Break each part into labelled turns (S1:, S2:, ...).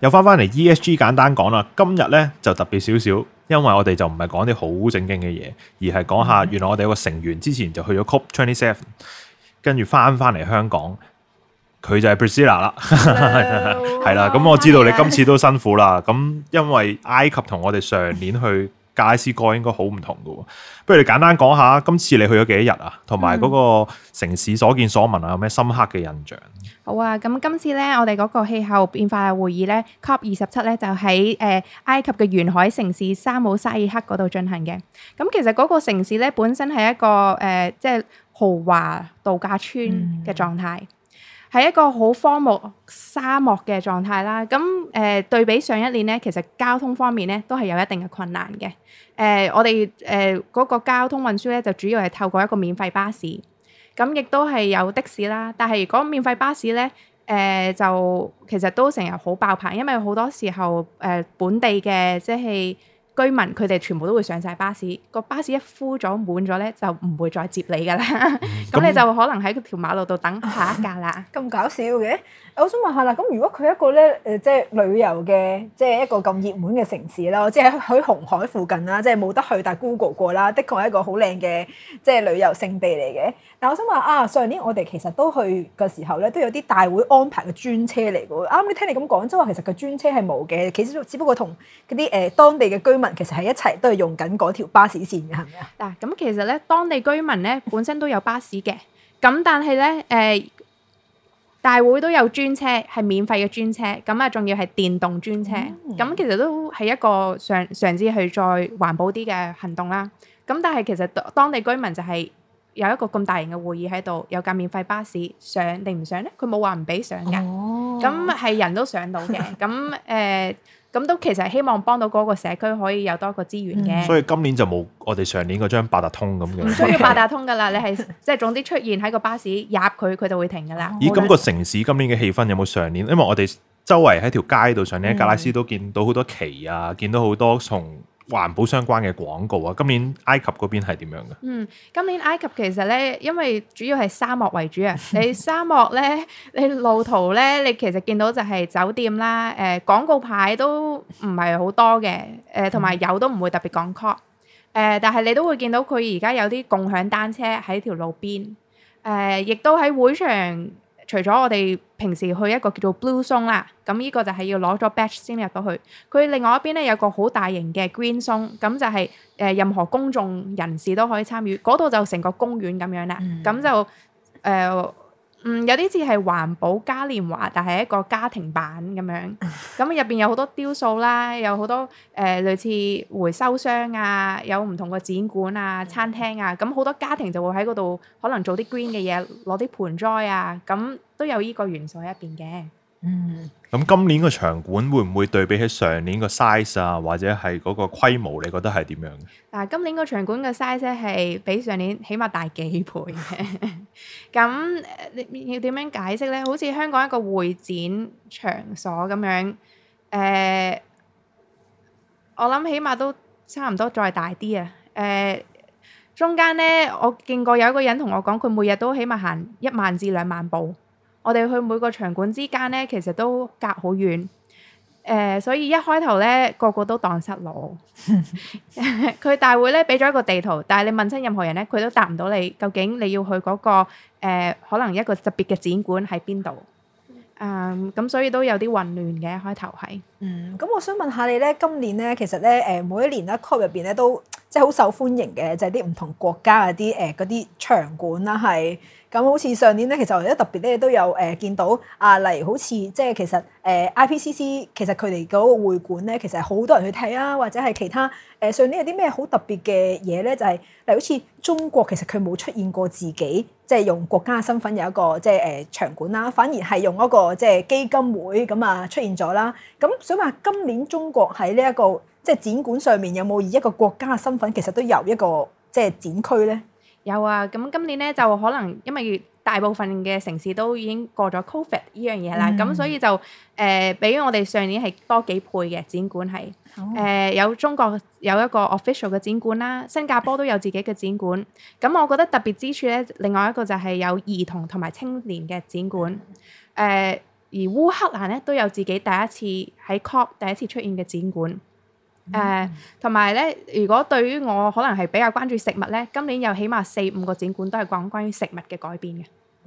S1: 又翻翻嚟 ESG 簡單講啦，今日咧就特別少少，因為我哋就唔係講啲好正經嘅嘢，而係講下原來我哋有個成員之前就去咗 COP Twenty Seven，跟住翻翻嚟香港，佢就係 Priscilla 啦，係啦，咁我知道你今次都辛苦啦，咁因為埃及同我哋上年去。解釋過應該好唔同噶，不如你簡單講下今次你去咗幾多日啊，同埋嗰個城市所見所聞啊，有咩深刻嘅印象？
S2: 嗯、好啊，咁今次呢，我哋嗰個氣候變化嘅會議呢 COP 二十七咧，就喺誒、呃、埃及嘅沿海城市沙姆沙伊赫嗰度進行嘅。咁其實嗰個城市呢，本身係一個誒即係豪華度假村嘅狀態。嗯係一個好荒漠沙漠嘅狀態啦，咁誒、呃、對比上一年呢，其實交通方面呢都係有一定嘅困難嘅。誒、呃，我哋誒嗰個交通運輸呢，就主要係透過一個免費巴士，咁亦都係有的士啦。但係如果免費巴士呢，誒、呃、就其實都成日好爆棚，因為好多時候誒、呃、本地嘅即係，居民佢哋全部都會上晒巴士，個巴士一呼咗滿咗咧，就唔會再接你噶啦。咁、嗯 嗯、你就可能喺佢條馬路度等下一架啦。咁、啊、搞笑嘅，
S3: 我想問下啦。咁如果佢一個咧誒、呃，即係旅遊嘅，即係一個咁熱門嘅城市啦，即係喺紅海附近啦，即係冇得去，但係 Google 過啦，的確係一個好靚嘅即係旅遊勝地嚟嘅。嗱，但我想話啊，上年我哋其實都去嘅時候咧，都有啲大會安排嘅專車嚟嘅喎。啱、啊、啱聽你咁講，即係話其實個專車係冇嘅，其實只不過同嗰啲誒當地嘅居民其實係一齊都係用緊嗰
S2: 條巴士線嘅，係咪啊？嗱，咁其實咧，當地居民咧本身都有巴士嘅，咁但係咧誒，大會都有專車，係免費嘅專車，咁、嗯、啊，仲要係電動專車，咁、嗯嗯、其實都係一個嘗嘗試去再環保啲嘅行動啦。咁但係其實當地居民就係。有一個咁大型嘅會議喺度，有架免費巴士上定唔上呢？佢冇話唔俾上嘅，咁係、哦、人都上到嘅。咁誒， 咁、呃、都其實希望幫到嗰個社區可以有多個資源嘅、嗯。所
S1: 以今年就冇我哋上年嗰張八達通咁嘅。唔需要八
S2: 達通噶啦， 你係即係總之出現喺個巴士入佢，佢就會停噶啦。而今、哦、個
S1: 城市今年嘅氣氛有冇上年？因為我哋周圍喺條街度上呢，嗯、格拉斯都見到好多旗啊，見到好多從。環保相關嘅廣告啊，今年埃及嗰邊係點樣嘅？嗯，
S2: 今年埃及其實呢，因為主要係沙漠為主啊。你沙漠呢， 你路途呢，你其實見到就係酒店啦，誒、呃、廣告牌都唔係好多嘅，誒同埋有都唔會特別講 call、呃。但係你都會見到佢而家有啲共享單車喺條路邊，誒、呃、亦都喺會場。除咗我哋平時去一個叫做 Blue 松啦，咁呢個就係要攞咗 Batch 先入到去。佢另外一邊咧有個好大型嘅 Green 松、就是，咁就係誒任何公眾人士都可以參與，嗰度就成個公園咁樣啦。咁、嗯、就誒。呃嗯，有啲似係環保嘉年華，但係一個家庭版咁樣。咁入邊有好多雕塑啦，有好多誒、呃、類似回收箱啊，有唔同個展館啊、餐廳啊。咁好多家庭就會喺嗰度，可能做啲 green 嘅嘢，攞啲盆栽啊。咁都有依個元素喺入邊嘅。
S1: 嗯，咁今年個場館會唔會對比起上年個 size 啊，或者係嗰個規模，你覺得係點樣？
S2: 嗱，今年個場館個 size 係比上年起碼大幾倍嘅。咁 你要點樣解釋呢？好似香港一個會展場所咁樣，誒、呃，我諗起碼都差唔多再大啲啊。誒、呃，中間呢，我見過有一個人同我講，佢每日都起碼行一萬至兩萬步。我哋去每個場館之間咧，其實都隔好遠，誒、呃，所以一開頭咧，個個都蕩失路。佢 大會咧俾咗一個地圖，但係你問親任何人咧，佢都答唔到你究竟你要去嗰、嗰個誒、呃，可能一個特別嘅展館喺邊度？誒、呃，咁所以都有啲混亂嘅開頭係。嗯，
S3: 咁我想問下你咧，今年咧，其實咧，誒，每一年咧 Core 入邊咧都即係好受歡迎嘅，就係啲唔同國家嗰啲誒嗰啲場館啦，係。咁好似上年咧，其實有啲特別咧，都有誒、呃、見到啊，例如好似即係其實誒、呃、IPCC，其實佢哋嗰個會館咧，其實好多人去睇啊，或者係其他誒、呃、上年有啲咩好特別嘅嘢咧，就係、是、例如好似中國其實佢冇出現過自己即係用國家身份有一個即係誒、呃、場館啦，反而係用一個即係基金會咁啊出現咗啦。咁想問今年中國喺呢一個即係展館上面有冇以一個國家嘅身份，其
S2: 實都有一個即係展區咧？有啊，咁今年咧就可能因為大部分嘅城市都已經過咗 Covid 呢樣嘢啦，咁、嗯、所以就誒、呃、比我哋上年係多幾倍嘅展館係誒有中國有一個 official 嘅展館啦，新加坡都有自己嘅展館。咁 我覺得特別之處咧，另外一個就係有兒童同埋青年嘅展館，誒、呃、而烏克蘭咧都有自己第一次喺 COP 第一次出現嘅展館。誒，同埋咧，如果對於我可能係比較關注食物咧，今年有起碼四五個展館都係講關於食物嘅改變嘅。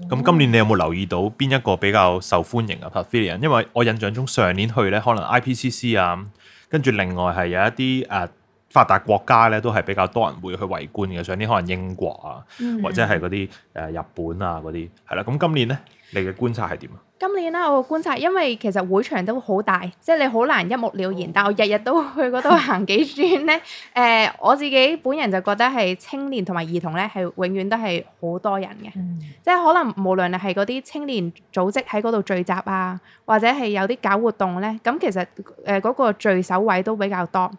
S1: 咁今年你有冇留意到邊一個比較受歡迎啊 p a？因為我印象中上年去咧，可能 IPCC 啊，跟住另外係有一啲誒。發達國家咧都係比較多人會去圍觀嘅，所以呢可能英國啊，嗯、或者係嗰啲誒日本啊嗰啲，係啦。咁今年呢，你嘅觀察係點啊？
S2: 今年咧，我嘅觀察，因為其實會場都好大，即係你好難一目了然。哦、但我日日都去嗰度行幾轉呢，誒、 呃，我自己本人就覺得係青年同埋兒童呢，係永遠都係好多人嘅，嗯、即係可能無論係嗰啲青年組織喺嗰度聚集啊，或者係有啲搞活動呢，咁其實誒嗰個聚首位都比較多。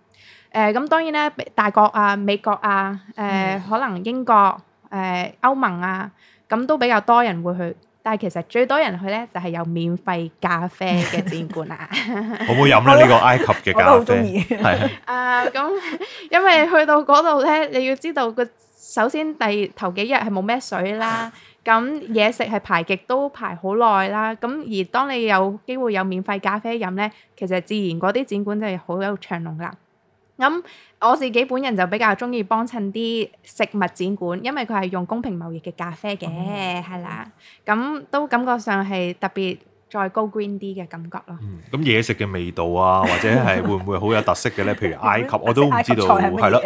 S2: 誒咁、呃、當然啦，大國啊、美國啊、誒、呃嗯、可能英國、誒、呃、歐盟啊，咁都比較多人會去。但係其實最多人去呢，就係、是、有免費咖啡嘅展館啦、啊。 好唔好飲咧？呢個埃及嘅咖啡，我都中意。係啊。咁，因為去到嗰度呢，你要知道個首先第頭幾日係冇咩水啦，咁嘢 食係排極都排好耐啦。咁而當你有機會有免費咖啡飲呢，其實自然嗰啲展館就係好有長龍噶。咁我自己本人就比較中意幫襯啲食物展館，因為佢係用公平貿易嘅咖啡嘅，係啦。咁都感覺上係特別再 go green 啲嘅感覺咯。嗯，
S1: 咁嘢食嘅味道啊，或者係會唔會好有特色嘅呢？譬如埃及，我都唔知道係咯，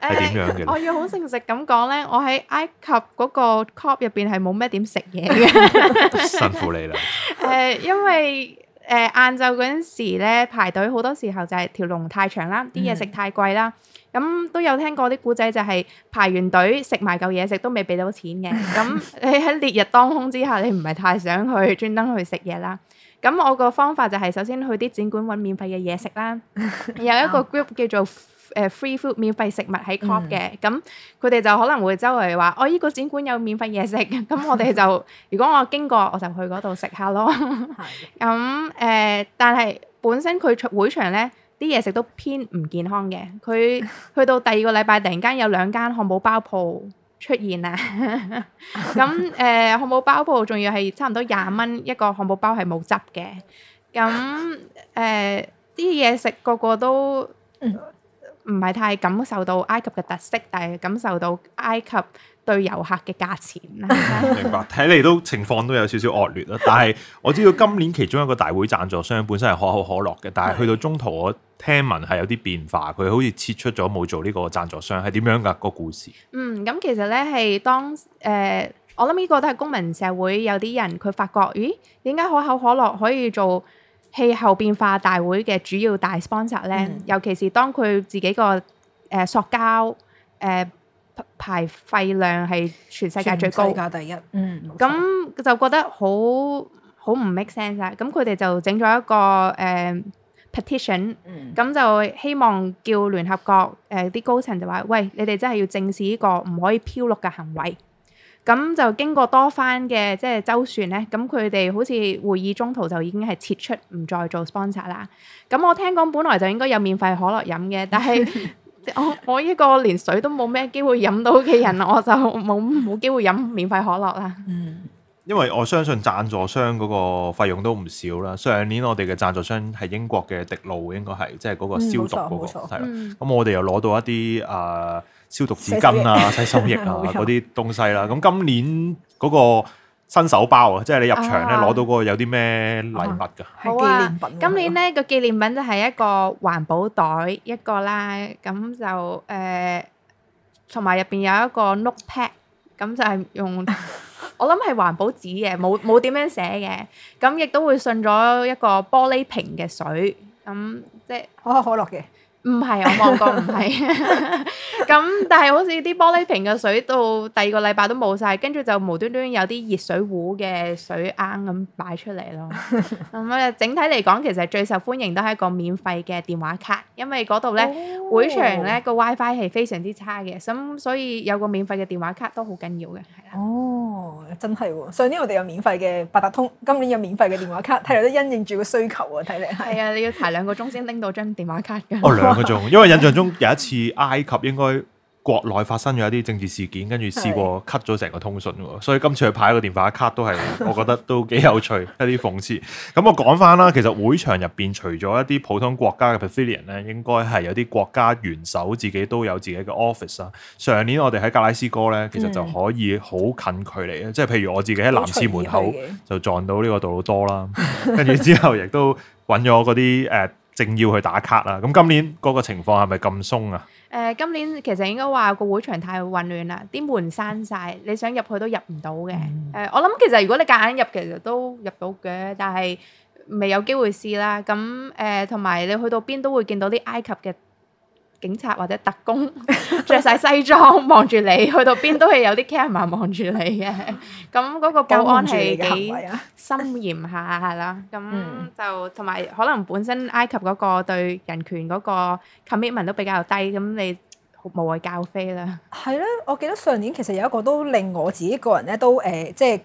S1: 係點樣嘅？我要
S2: 好誠實咁講呢，我喺埃及嗰個 club 入邊係冇咩點食嘢嘅。辛苦
S1: 你啦。
S2: 誒，因為。誒晏晝嗰陣時咧，排隊好多時候就係條龍太長啦，啲嘢、嗯、食太貴啦，咁、嗯、都有聽過啲古仔就係排完隊完食埋嚿嘢食都未俾到錢嘅，咁、嗯、你喺烈日當空之下，你唔係太想去專登去食嘢啦。咁我個方法就係首先去啲展館揾免費嘅嘢食啦， 有一個 group 叫做誒 free food 免費食物喺 c o b 嘅，咁佢哋就可能會周圍話：哦，依，呢個展館有免費嘢食，咁我哋就 如果我經過我就去嗰度食下咯。咁 誒、嗯呃，但係本身佢場會場呢啲嘢食都偏唔健康嘅。佢去到第二個禮拜突然間有兩間漢堡包鋪。出現啊！咁誒，漢堡包鋪，仲要係差唔多廿蚊一個漢堡包，係冇汁嘅。咁誒啲嘢食個個都～、嗯唔係太感受到埃及嘅特色，但係感受到埃及對遊客嘅價錢啦。
S1: 明白，睇嚟都情況都有少少惡劣啦。但係我知道今年其中一個大會贊助商本身係可口可樂嘅，但係去到中途我聽聞係有啲變化，佢好似撤出咗冇做呢個贊助商，係點樣㗎個故事？
S2: 嗯，咁其實呢，係當誒、呃，我諗呢個都係公民社會有啲人佢發覺，咦點解可口可樂可以做？氣候變化大會嘅主要大 sponsor 咧，嗯、尤其是當佢自己個誒、呃、塑膠誒、呃、排廢量係全世界最高，世界第一，嗯，咁就覺得好好唔 make sense 啦。咁佢哋就整咗一個誒、呃、petition，咁、嗯、就希望叫聯合國誒啲、呃、高層就話：喂，你哋真係要正視呢個唔可以漂綠嘅行為。咁就經過多番嘅即係周旋呢，咁佢哋好似會議中途就已經係撤出，唔再做 sponsor 啦。咁我聽講本來就應該有免費可樂飲嘅，但係我 我呢個連水都冇咩機會飲到嘅人，我就冇冇機會飲免費可樂啦。嗯，
S1: 因為我相信贊助商嗰個費用都唔少啦。上年我哋嘅贊助商係英國嘅迪路，應該係即係嗰個消毒嘅、嗰個，係啦、嗯。咁了、嗯、我哋又攞到一啲啊。呃消毒紙巾啊、洗手液啊嗰啲東西啦，咁今年嗰個新手包啊，即係你入場咧攞到嗰個有啲咩禮物㗎？好
S2: 啊，今年咧個紀念品就係一個環保袋一個啦，咁就誒，同埋入邊有一個 note pad，咁就係用我諗係環保紙嘅，冇冇點樣寫嘅，咁亦都會送咗一個玻璃瓶嘅水，咁即係可口可樂嘅。唔係，我望過唔係，咁 但係好似啲玻璃瓶嘅水到第二個禮拜都冇晒，跟住就無端端有啲熱水壺嘅水盎咁擺出嚟咯。咁啊、 嗯，整體嚟講其實最受歡迎都係一個免費嘅電話卡，因為嗰度呢會場呢個 WiFi 係非常之差嘅，咁所以有個免費嘅電話卡都好緊要嘅，係啊。哦，真係
S3: 喎、哦！上年我哋有免費嘅八達通，今年有免費嘅電話卡，睇嚟都因應住個需求喎，睇嚟係啊，
S2: 你要排兩個鐘先拎到張電話卡嘅。 因為印
S1: 象中有一次埃及應該國內發生咗一啲政治事件，跟住試過 cut 咗成個通訊喎，的所以今次去派一個電話卡都係， 我覺得都幾有趣，一啲諷刺。咁、嗯、我講翻，啦其實會場入邊除咗一啲普通國家嘅 pavilion 咧，應該係有啲國家元首自己都有自己嘅 office 啊。上年我哋喺格拉斯哥咧，其實就可以好近距離的即係譬如我自己喺男廁門口就撞到呢個杜魯多啦，跟住 之後亦都揾咗嗰啲誒。正要去打卡啦，咁今年嗰個情況係咪咁鬆啊？
S2: 誒，今年其實應該話個會場太混亂啦，啲門閂晒，你想入去都入唔到嘅。誒，我諗其實如果你夾硬入，其實都入到嘅，但係未有機會試啦。咁誒，同埋你去到邊都會見到啲埃及嘅。警察或者特工着晒西裝，望住你，去到邊都係有啲 camera 望住你嘅。咁嗰個保安係幾森嚴下啦。咁就同埋可能本身埃及嗰個對人權嗰個 commitment 都比較低。咁你無謂較飛啦。
S3: 係咧，我記得上年其實有一個都令我自己個人咧都誒，即係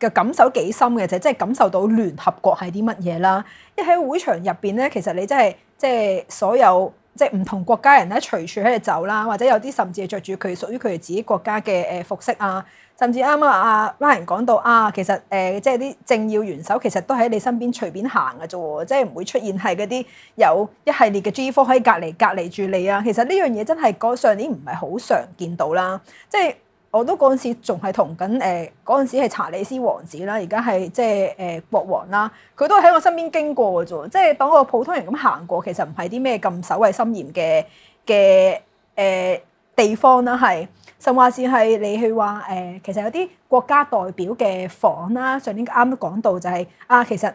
S3: 嘅感受幾深嘅，就即、是、係感受到聯合國係啲乜嘢啦。一喺會場入邊咧，其實你真係即係所有。即係唔同國家人咧，隨處喺度走啦，或者有啲甚至係着住佢屬於佢哋自己國家嘅誒服飾啊，甚至啱啱阿拉人講到啊，其實誒、呃、即係啲政要元首其實都喺你身邊隨便行嘅啫，即係唔會出現係嗰啲有一系列嘅 G4 喺隔離隔離住你啊。其實呢樣嘢真係個上年唔係好常見到啦，即係。我都嗰陣、呃、時仲係同緊誒，嗰陣時係查理斯王子啦，而家係即係誒國王啦，佢都喺我身邊經過嘅啫，即係當個普通人咁行過，其實唔係啲咩咁守衞森嚴嘅嘅誒地方啦，係，甚至係你去話誒、呃，其實有啲國家代表嘅房啦，上年啱都講到就係、是、啊，其實。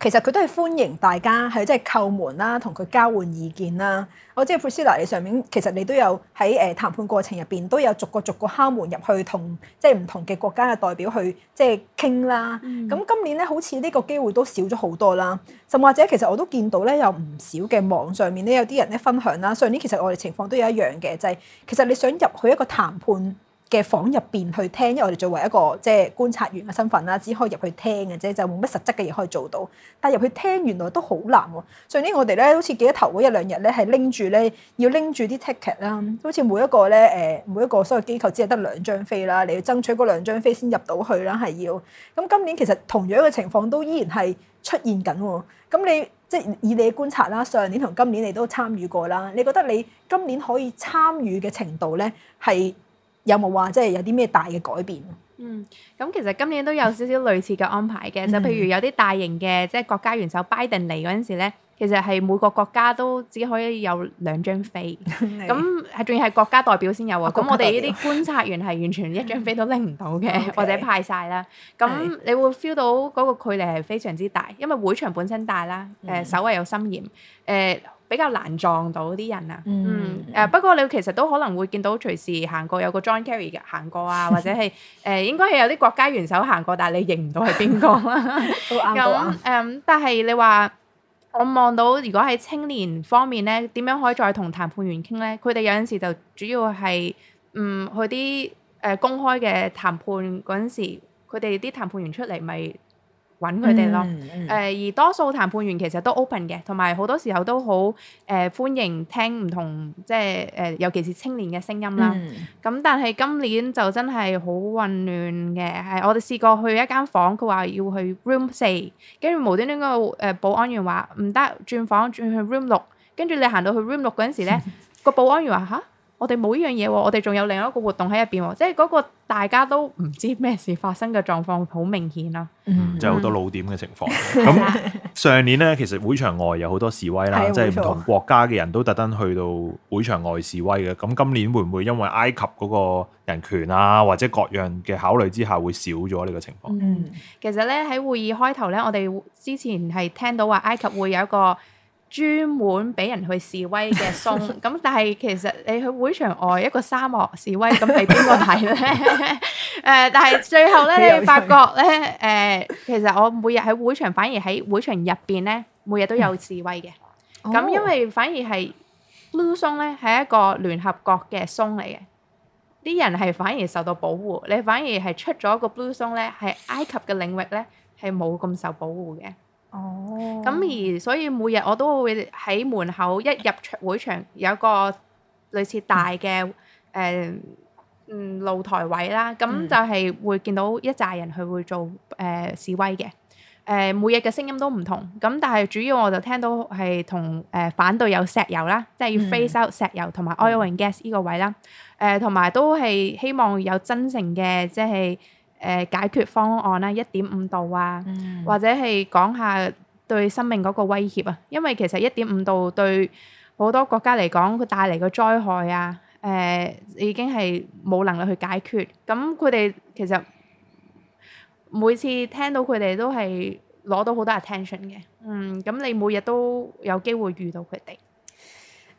S3: 其實佢都係歡迎大家係即係叩門啦，同佢交換意見啦。我知傅斯華，你上面其實你都有喺誒談判過程入邊都有逐個逐個敲門入去，即同即係唔同嘅國家嘅代表去即係傾啦。咁、嗯、今年咧，好似呢個機會都少咗好多啦。甚至或者其實我都見到咧，有唔少嘅網上面咧有啲人咧分享啦。上年其實我哋情況都有一樣嘅，就係、是、其實你想入去一個談判。嘅房入邊去聽，因為我哋作為一個即係觀察員嘅身份啦，只可以入去聽嘅啫，就冇乜實質嘅嘢可以做到。但係入去聽原來都好難喎。上年我哋咧，好似記得頭嗰一兩日咧，係拎住咧，要拎住啲 ticket 啦，好似每一個咧誒每一個所有機構只係得兩張飛啦，你要爭取嗰兩張飛先入到去啦，係要。咁今年其實同樣嘅情況都依然係出現緊，咁你即係以你嘅觀察啦，上年同今年你都參與過啦，你覺得你今年可以參與嘅程度咧係。有冇話即係有啲咩大嘅改變？嗯，
S2: 咁其實今年都有少少類似嘅安排嘅， 就譬如有啲大型嘅即係國家元首拜登嚟嗰陣時呢，其實係每個國家都只可以有兩張飛，咁係仲要係國家代表先有啊。咁、 哦、我哋呢啲觀察員係完全一張飛都拎唔到嘅， Okay. 或者派晒啦。咁你會 feel 到嗰個距離係非常之大，因為會場本身大啦，誒、 呃，守衞又森嚴，誒、呃。比較難撞到啲人啊，嗯，誒、嗯啊、不過你其實都可能會見到隨時行過有個 John Kerry 行過啊， 或者係誒、呃、應該係有啲國家元首行過，但係你認唔到係邊個啦，有誒，但係你話我望到如果喺青年方面呢，點樣可以再同談判員傾呢？佢哋有陣時就主要係嗯佢啲誒公開嘅談判嗰陣時，佢哋啲談判員出嚟咪。搵佢哋咯，誒、嗯嗯呃、而多數談判員其實都 open 嘅，同埋好多時候都好誒、呃、歡迎聽唔同即係誒尤其是青年嘅聲音啦。咁、嗯嗯嗯嗯、但係今年就真係好混亂嘅，係我哋試過去一間房，佢話要去 room 四，跟住無端端個誒、呃、保安員話唔得，轉房轉去 room 六，跟住你行到去 room 六嗰陣時呢，個保安員話嚇。我哋冇呢樣嘢喎，我哋仲有另外一個活動喺入邊喎，即係嗰個大家都唔知咩事發生嘅狀況，好明顯啦、啊。嗯，即係好多
S1: 老點嘅情況。咁 上年呢，其實會場外有好多示威啦，的即係唔同國家嘅人都特登去到會場外示威嘅。咁今年會唔會因為埃及嗰個人權啊或者各樣嘅考慮之下會少咗呢個情
S2: 況？嗯，其實呢，喺會議開頭呢，我哋之前係聽到話埃及會有一個。專門俾人去示威嘅 zone，咁但係其實你去會場外一個沙漠示威，咁係邊個睇咧？誒，但係最後咧，你會發覺咧，誒，其實我每日喺會場，反而喺會場入邊咧，每日都有示威嘅。咁因為反而係 Blue zone 咧，係一個聯合國嘅 zone 嚟嘅，啲人係反而受到保護。你反而係出咗個 Blue zone 咧，喺埃及嘅領域咧，係冇咁受保護嘅。哦，咁、oh. 而所以每日我都會喺門口一入場會場有一個類似大嘅誒嗯露台位啦，咁就係會見到一紮人佢會做誒、呃、示威嘅，誒、呃、每日嘅聲音都唔同，咁但係主要我就聽到係同誒反對有石油啦，即係要 phase out 石油同埋 oil and gas 呢個位啦，誒同埋都係希望有真誠嘅即係。誒解決方案啦，一點五度啊，嗯、或者係講下對生命嗰個威脅啊，因為其實一點五度對好多國家嚟講，佢帶嚟嘅災害啊，誒、呃、已經係冇能力去解決。咁佢哋其實每次聽到佢哋都係攞到好多 attention 嘅，嗯，咁你每日都有機會遇到佢哋。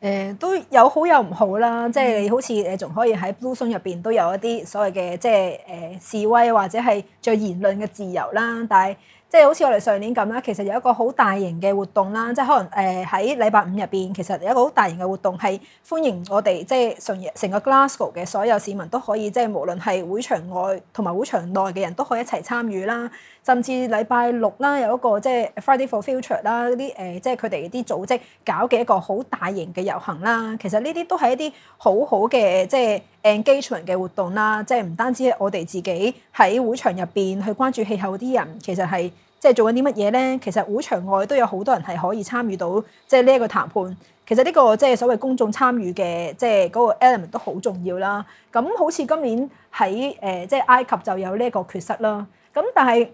S2: 誒、呃、都有好有唔好
S3: 啦，即係你好似你仲可以喺 Blue Zone 入邊都有一啲所謂嘅即係誒、呃、示威或者係最言論嘅自由啦，但係即係好似我哋上年咁啦，其實有一個好大型嘅活動啦，即係可能誒喺、呃、禮拜五入邊其實有一個好大型嘅活動係歡迎我哋即係成個 Glasgow 嘅所有市民都可以即係無論係會場外同埋會場內嘅人都可以一齊參與啦，甚至禮拜六啦有一個即係 Friday for Future 啦啲誒即係佢哋啲組織搞嘅一個好大型嘅。遊行啦，其實呢啲都係一啲好好嘅，即係 Engagement 嘅活動啦。即係唔單止我哋自己喺會場入邊去關注氣候啲人，其實係即係做緊啲乜嘢咧？其實會場外都有好多人係可以參與到，即係呢一個談判。其實呢個即係所謂公眾參與嘅，即係嗰個 element 都好重要啦。咁好似今年喺誒即係埃及就有呢一個缺失啦。咁但係。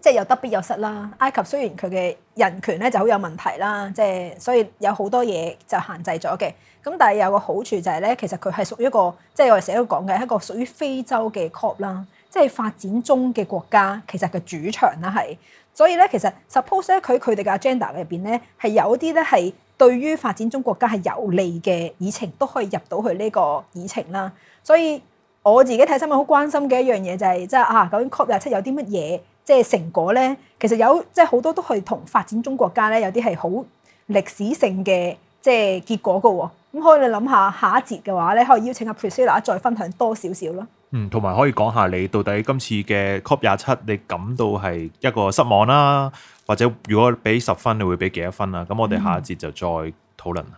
S3: 即係有得必有失啦。埃及雖然佢嘅人權咧就好有問題啦，即係所以有好多嘢就限制咗嘅。咁但係有個好處就係、是、咧，其實佢係屬於一個即係我哋寫到講嘅一個屬於非洲嘅 cop 啦，即係發展中嘅國家其實嘅主場啦係。所以咧其實 suppose 咧佢佢哋嘅 agenda 入邊咧係有啲咧係對於發展中國家係有利嘅議程都可以入到去呢個議程啦。所以我自己睇新聞好關心嘅一樣嘢就係即係啊究竟 cop 廿七有啲乜嘢？即係成果咧，其實有即係好多都係同發展中國家咧，有啲係好歷史性嘅即係結果㗎喎、哦。咁可以你諗下下一節嘅話咧，可以邀請阿 Priscilla 再分享多少少咯。
S1: 嗯，同埋可以講下你到底今次嘅 COP 廿七，你感到係一個失望啦，或者如果俾十分，你會俾幾多分啊？咁我哋下一節就再討論。嗯